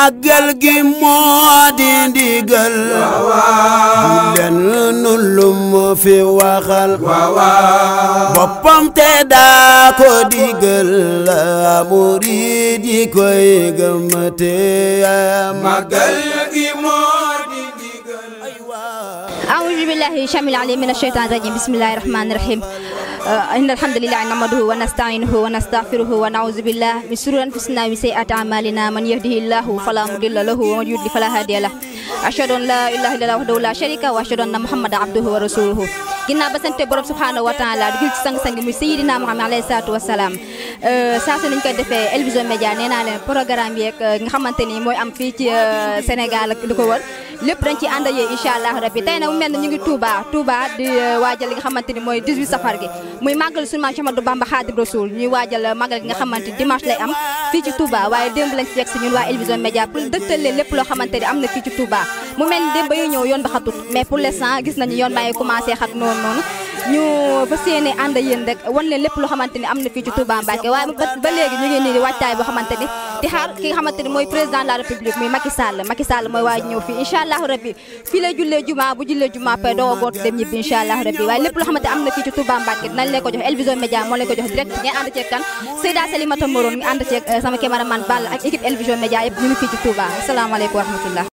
màggal gi moo di ndigal len nu lu mu fi waxal boppam te daa ko digal murid yi koy gëm te màggal gi moo أعوذ بالله شامل عليه من الشيطان الرجيم بسم الله الرحمن الرحيم آه، إن الحمد لله نحمده ونستعينه ونستغفره ونعوذ بالله من شرور أنفسنا ومن سيئات أعمالنا من يهده الله فلا مضل له ومن يضلل فلا هادي له أشهد أن لا إله إلا الله وحده لا شريك له وأشهد أن محمدا عبده ورسوله ginnaaw ba sante سبحانه وتعالى wa سانغ سانغ gil ci sang sang muy sayidina Euh, saa su niñ koy defee El Vision Médias nee naa leen programme euh, nga xamante ni mooy am fii ci euh, Sénégal ak lu ko wër lépp dañ ci ànd ak yéen incha allah rabbi tey nag mu mel ne ñu ngi Touba Touba di waajal li nga xamante ni mooy 18 safar gi muy màggal sunu maam Ahmadou Bamba Khadim Rasoul ñuy waajal màggal gi nga xamante dimanche lay am fii ci Touba waaye démb lañ ci yegg si ñun waa El Vision pour dëgtal leen lépp loo xamante ni am na fii ci Touba mu mel ni démb ba ñëw yoon ba xatut ñu fas yéene ànd yéen rek wan leen lépp loo xamante ni am na fii ci Touba Mbacké waaye ba léegi ñu ngi nii di waajtaay boo xamante ni di xaar ki nga xamante ni mooy président de la république muy Macky Sall Macky Sall mooy waaj ñëw fii incha allahu rabbi fii la jullee juma bu jullee juma pare doo góor dem ñibbi incha allahu rabbi waaye lépp loo xamante am na fii ci Touba Mbacké dinañ leen ko jox El Vision moo leen ko jox direct ngeen ànd ceeg kan Seyda